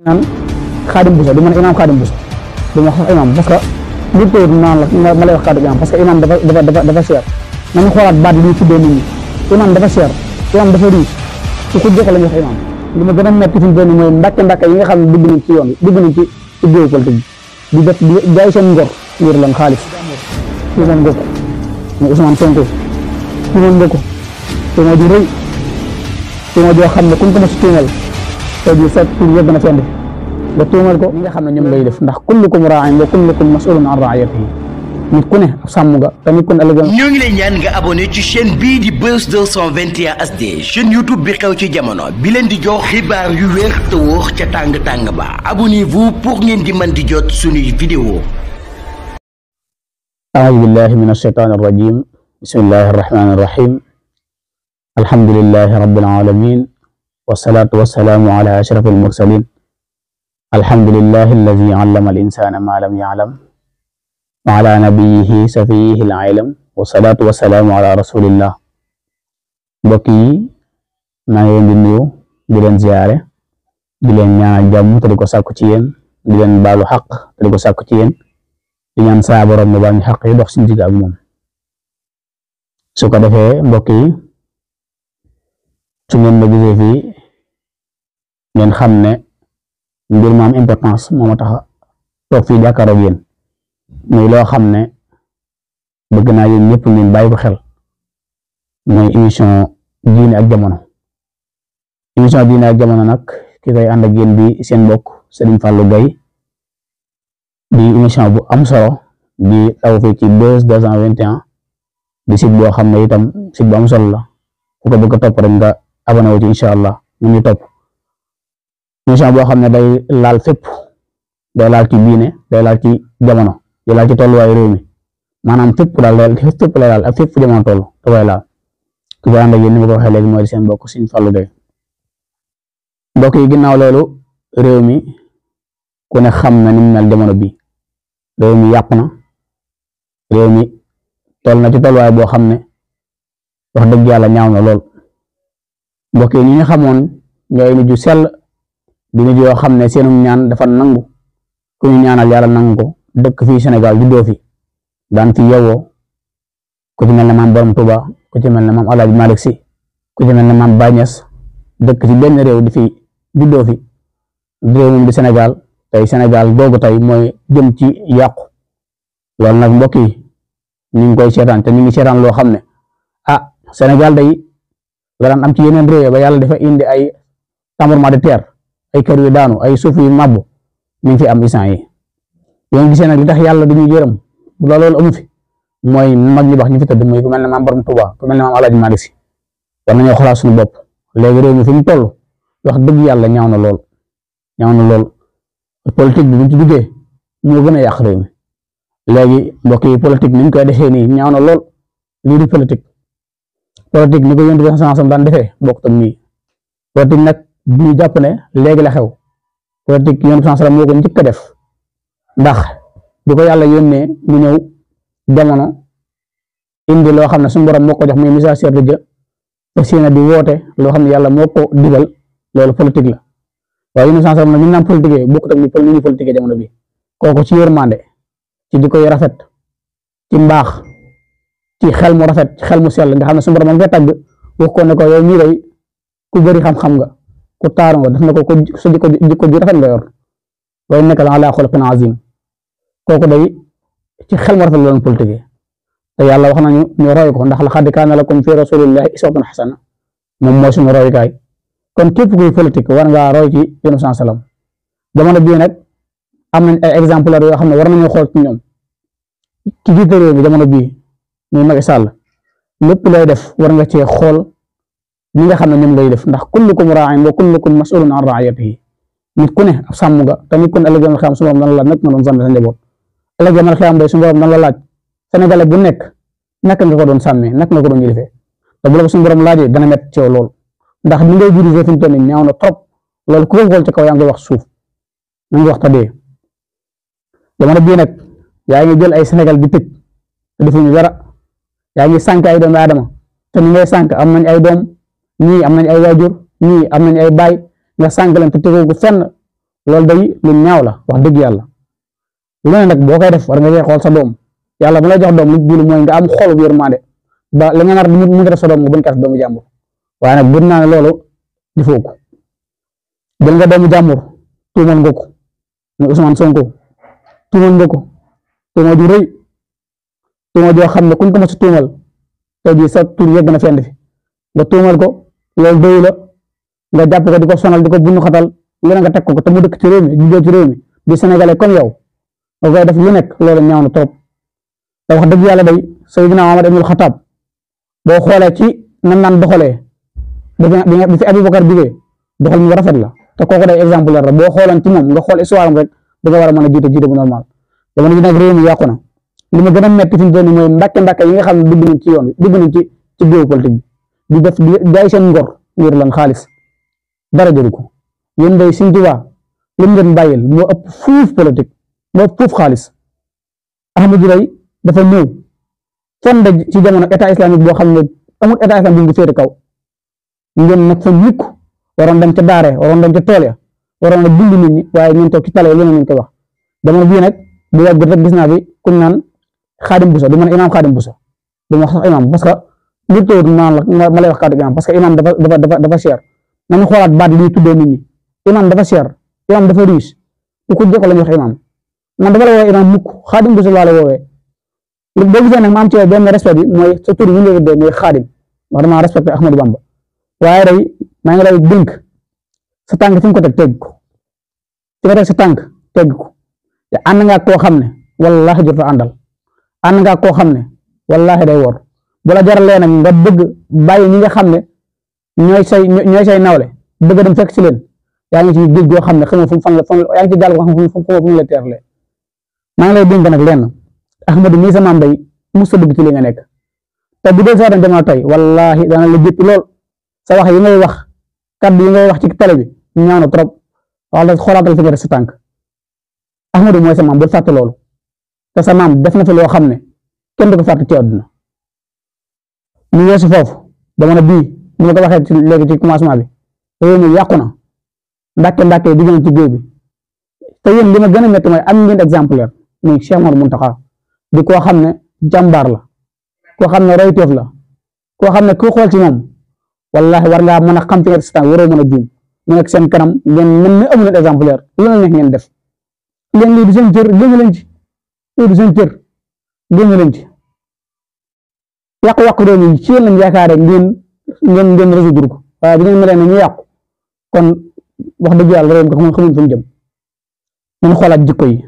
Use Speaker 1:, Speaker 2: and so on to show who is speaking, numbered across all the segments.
Speaker 1: naan xaadim busa du ma ne imaam xaadim busa du ma wax sax imaam parce que bu tóor naan la ma lay wax xaadim imaam parce que imaam dafa dafa dafa dafa cher nañu xoolaat baat bi ñu tuddee nit ñi imaam dafa cher imaam dafa riis su ko jox la ñu wax imaam li ma gën a metti fi mu doon mooy ndàkk ndàkk yi nga xam ne dugg nañ ci yoon dugg nañ ci ci géew politique di def di jaay seen ngor ngir lan xaalis Ousmane Goko mooy Ousmane Sonko Ousmane Goko tuuma ju rëy tuuma joo xam ne kuñ ko mos tuumal tey jii seet tur yëpp dana ci andi nga tuumal ko ñi nga xam ne ñoom ngay def ndax kullukum raain wa kullukum masulun an raayatihi nit ku ne sàmm nga te nit ku ne ëllëg ñoo ngi lay ñaan nga abonné ci chaîne bii di Buzz 221 HD chaîne YouTube bi xew ci jamono bi leen di jox xibaar yu wér te wóor ca tàng-tàng ba abonnez-vous pour ngeen di mën di jot suñuy vidéo aoudu billahi min alsheytaan arrajim bismillahi arrahmani arrahim alhamdulilahi rabbil alamin والصلاة والسلام على أشرف المرسلين الحمد لله الذي علم الإنسان ما لم يعلم وعلى نبيه سفيه العالم والصلاة والسلام على رسول الله بكي ما يندنيو دلن زيارة دلن نعا جمو تلقو ساكتين دلن بالو حق تلقو ساكتين دلن سابر مبان حق يدخ سنتك أبنون سوكا دفع بكي mbokk yi su ngeen xam ne mbir mu am importance moo tax toog fii jàkkaaroog yéen muy loo xam ne bëgg naa yéen ñëpp ngeen bay ko xel muy émission diine ak jamono émission diine ak jamono nag ki koy ànd ak yéen bi seen mbokk Serigne Fallou Gaye di émission bu am solo di taw fii ci deux deux cent vingt et di site boo xam ne itam site bu am solo la ku ko bëgg a topp rek nga abonné wu ci incha allah ñu ngi topp. mission boo xam ne day laal fépp day laal ci diine day laal ci jamono day laal ci tolluwaayu réew mi maanaam fépp daal day fépp lay laal ak fépp jamono toll da koy laal ki koy ànd ak ni mu ko waxee léegi mooy seen mbokk Sëriñ Fallou Gueye mbokk yi ginaaw loolu réew mi ku ne xam na ni mel jamono bi réew mi yàpp na réew mi toll na ci tolluwaay boo xam ne wax dëgg yàlla ñaaw na lool mbokk yi ñi nga xamoon ñooy nit ju sell Di joo yo xamne senum ñaan dafa nangu ku ñu ñaanal yalla nangu dekk fi senegal Sénégal juddoo fi daan fi yewoo ku ci mel mam Borom Touba ku ci mel mam maam malik Si ku ci mel mam bagnes dekk ci benn réew di fi juddoo fi réew moom di Sénégal tey Sénégal googu tey jëm ci yaq nak mbokk yi ñu ngi koy sétan te ñu ngi sétan loo xamne ah Senegal day la am ci yeneen réew ya ba yalla dafa indi ay ma de terre ay kër yu daanu ay suuf yu mabb ni fi am isan yi yoo ngi seen ak li tax yàlla du ñu yërëm bu la loolu amu fi mooy mag ñu baax ñu fi tëdd mooy ku mel ne maam Borom tuba ku mel ne maam Alaaji Maalik Si war nañoo xoolaat suñu bopp léegi réew mi fi mu toll wax dëgg yàlla ñaaw na lool ñaaw na lool politique bi buñ ci duggee moo gën a yàq réew mi léegi mbokk yi politique ni ñu koy defee nii ñaaw na lool lii di politique politique ni ko yëngatu bi sànq daan defee bokk tam nii politique nag. ñu jàpp ne léegi la xew politique yoon sansalam moo ko njëkk a def ndax bi ko yàlla yónnee mu ñëw jamono indi loo xam ne suñu borom moo ko jox muy message de Dieu aussi na di woote loo xam ne yàlla moo ko digal la waaye yoon sansalam nag ñu naan politique bokkut ak ñu pol ñu politique jamono bi kooku ci yërmande ci di koy rafet ci mbaax ci xel mu rafet ci xel mu sell nga xam ne suñu borom moo fay tàgg wax ko yow mii day ku bari xam-xam nga كتارم ودفن كو كو كو كو جرفن لير وإنك على خلق عظيم كو كو داي تي خل مرت لون بولتيكي تي الله وخنا نورايك هون دخل خادي كان لكم في رسول الله إسوة حسنة مموش نورايك هاي كون كيف كو فلتك وانا غا رويكي بينو سان سلام دمان بيانك أمن إكزامبل رويا خمنا ورنا نيو خلق نيوم كي جيت رويا دمان بي نيو مكسال لب لا يدف ورنا تي خلق ليغا خا نيم لاي ديف نдах كلكم راع وكلكم مسؤول عن رعايته نيت كونه سامغا تاني كون الله جل خام سوم الله نك نون سامي سان ديبو الله جل خام دي سوم الله لاج سنغال بو نيك نك نغا دون سامي نك نغا دون يليفه تا بولا سوم بروم لاجي دا نيت تيو لول نдах ني غاي جيري فين توني نياو نا تروب لول كوم فول تي كاو ياغي واخ سوف نغي واخ تادي دا مانا بي نك ni am nañ ay wajur ni am nañ ay bay nga sànq leen te ko fenn lol day lu ñaaw la wax deug yalla lu ne nak bokay def war nga cee xol sa dom yalla bu la jox dom lu li lu moy nga am xol bu yermande ba li nga nar mu mu def sa dom bu bañ kat doomu jàmbur waaye nag bur naa ne loolu defoo nga doomu jàmbur tu man ko ni usman Sonko tu man nga tu tuuma di reuy tu joo jo xamne kuñ ko ma su tuumal tey di sa tur yegg na fenn fi nga tuumal ko. loolu doyu la nga jàpp ko di ko sonal di ko bunn xatal lu ne nga teg ko ko te mu dëkk ci réew mi juddoo ci réew mi di sénégalais comme yow nga koy def lu nekk loolu ñaaw na trop te wax dëgg yàlla day Seydina Omar ibnul Xataab boo xoolee ci na naan doxalee bi fi Aboubacar jógee doxal mu a la te kooku day exemple la boo xoolan ci nga xool histoire am rek da nga war a mën a jiite jiite bu normal jamono ji nag réew mi yàqu na li ma gën a metti fi mu toll nii mooy mbàkke mbàkke yi nga xam ne dugg nañ ci yoon bi dugg nañ ci ci géopolitique bi di def day sen ngor ngir lan xaalis dara jëru ko yeen day Sëñ Tuubaa li ngeen bayil mo moo ëpp fuuf politique mo ëpp fuuf xaalis ahmadou ray dafa ñew fonde ci jamono état islamique bo xamne ne amul état islamique bu fete kaw ngeen nak fa ñuk waron dem ci daare ya, waron dem ci tool ya waroon a bind nit ñi waye ngeen tok ci tale lu ñu ko wax dama bi nak bu yàggut rek gis na bi ku nan khadim Buso du ma ne imaam Xaadim du wax sax imaam parce que gitu naa la ma lay wax kàddu gi am parce que imam dafa dafa dafa dafa cher nañu xoolaat baat bi tuddee nit ñi imam dafa cher imam dafa riche ku ko jëkk la ñu wax imam man dafa la woowee imam mukk xaadim bu laa la woowee boo gisee nag ma am ci benn respect bi mooy sa tur yi ñu tuddee mooy xaadim wax dama respecté Ahmadou Bamba waaye rey maa ngi lay dénk sa tànk fi ko teg teg ko fi ya, nga teg sa tànk teg ko te ànd ngaa koo xam ne wallaahi jot fa àndal ànd ngaa koo day wor bu la jaralee nag nga bëgg bàyyi ñi nga xam ne ñooy say ñooy say nawle bëgg dem fekk si leen yaa ngi ci géej goo xam ne xamoo fu mu fan la fan yaa ngi ci gaal goo xam ne fu la maa ngi lay dénk nag lenn Axmadu mii sama mbay mos a bëgg ci li nekk te bu dee seetaan jamono tey wallaahi dana la jëpp lool sa wax yi ngay wax kaddu yi ngay wax ci télé bi ñaaw na trop wala xoolaatal fi nga def sa tànk Axmadu mooy sa maam bul fàtte loolu te sa maam def na fi loo xam ne kenn du ko fàtte ci àdduna ni yesu foofu jamono bii ni ma ko waxee ci léegi ci commencement bi réew mi yàqu na ndàkke ndàkke di ngeen ci géej bi te yéen li ma gën a métti mooy am ngeen exemplaire muy Cheikh Mor Muntaxa di koo xam ne jàmbaar la koo xam ne royteef la koo xam ne ku xool ci moom wallahi war ngaa mën a xam fi nga stan waroo mën a juum mu nekk seen kanam ngeen mën ne amu leen exemplaire lu la neex ngeen def leen lii du seen cër génn leen ci lii du seen cër génn leen ci yak yak do ni ci lañu yakare ngeen ngeen ngeen résoudre ko wa bu ngeen mëne ne ñu yàqu kon wax dëgg yalla rew mi xamuñ xamuñ fu mu jëm nañu xoolaat jikko yi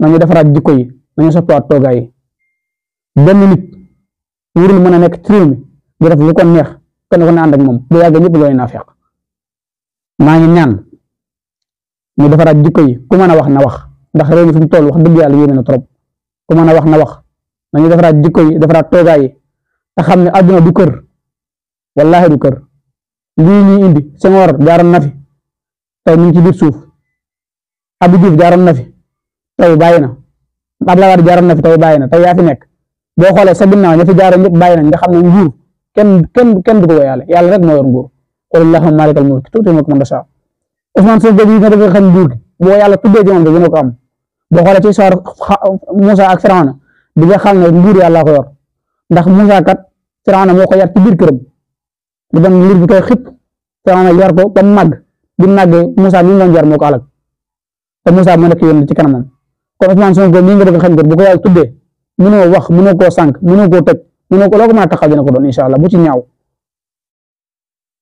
Speaker 1: nañu defaraat jikko yi nañu soppiwaat toogaay yi ben nit wurul mëna nek trim bi def lu ko neex kon ko and ak mom bu yàggee ñëpp loy naa feq maa ngi ñaan ñu defaraat jikko yi ku mëna wax na wax ndax rew mi fi toll wax dëgg yalla yéeme na trop ku mëna wax na wax nañu defaraat jikko yi defaraat toogaay yi xamne aduna du keur wallahi du keur li ni indi Senghor jaaroon na fi tey mu ci bir souf abou Diouf jaaroon nafi tay bayina abla war Abdoulaye nafi tay bayina tay ya fi nek bo xole sa ginnaaw ña fi jaaroon ñëpp bayina nga xamne ne nguur ken ken kenn du ko yàlla yàlla rek mo yor nguur qul allah malikal mulk tuuti mulka man tashaa Ousmane Sonko bi nga def xam nguur bo yàlla tudde ci nga dina ko am bo xole ci sar musa ak Firawna bi nga xamne ne nguur yàlla ko yor ndax Moussa kat Firawna moo ko yar ci biir këram mu dem liir bi koy xip na yar ko ba mu màgg bi mu màggee Moussa mi jar moo ko alag te Moussa moo nekk yoon ci kanamam kon Ousmane Sonko mi nga bëgg xañ ko bu ko yàlla tuddee mënoo wax mënoo koo sànq mënoo koo tëj ko loo ko mën a taxaw dina ko doon incha allah bu ci ñaaw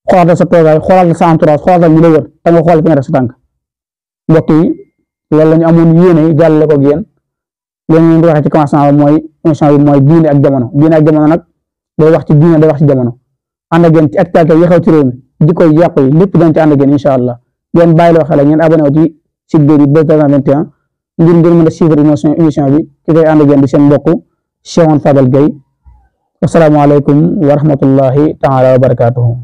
Speaker 1: xoolal sa toogaay xoolal sa entourage xoolal ñu la wër te nga xool fi nga tànk mbokk yi loolu la ñu amoon yéene jàllale ko ak yéen li ñu leen di mooy émission bi mooy diine ak jamono diine ak jamono nag day wax ci diine day wax ci jamono ànd ak yéen ci actualité yi xew ci di koy yàqu yi lépp dañ ci ànd ak yéen incha allah yéen bàyyi loo xel ngeen abonné wu ci site bi ba 321 ngir ngeen mën a suivre émission émission bi ki koy ànd ak yéen di seen mbokk Cheikhoune Fadal Gueye asalaamaaleykum wa rahmatullahi taala wa barakaatuhu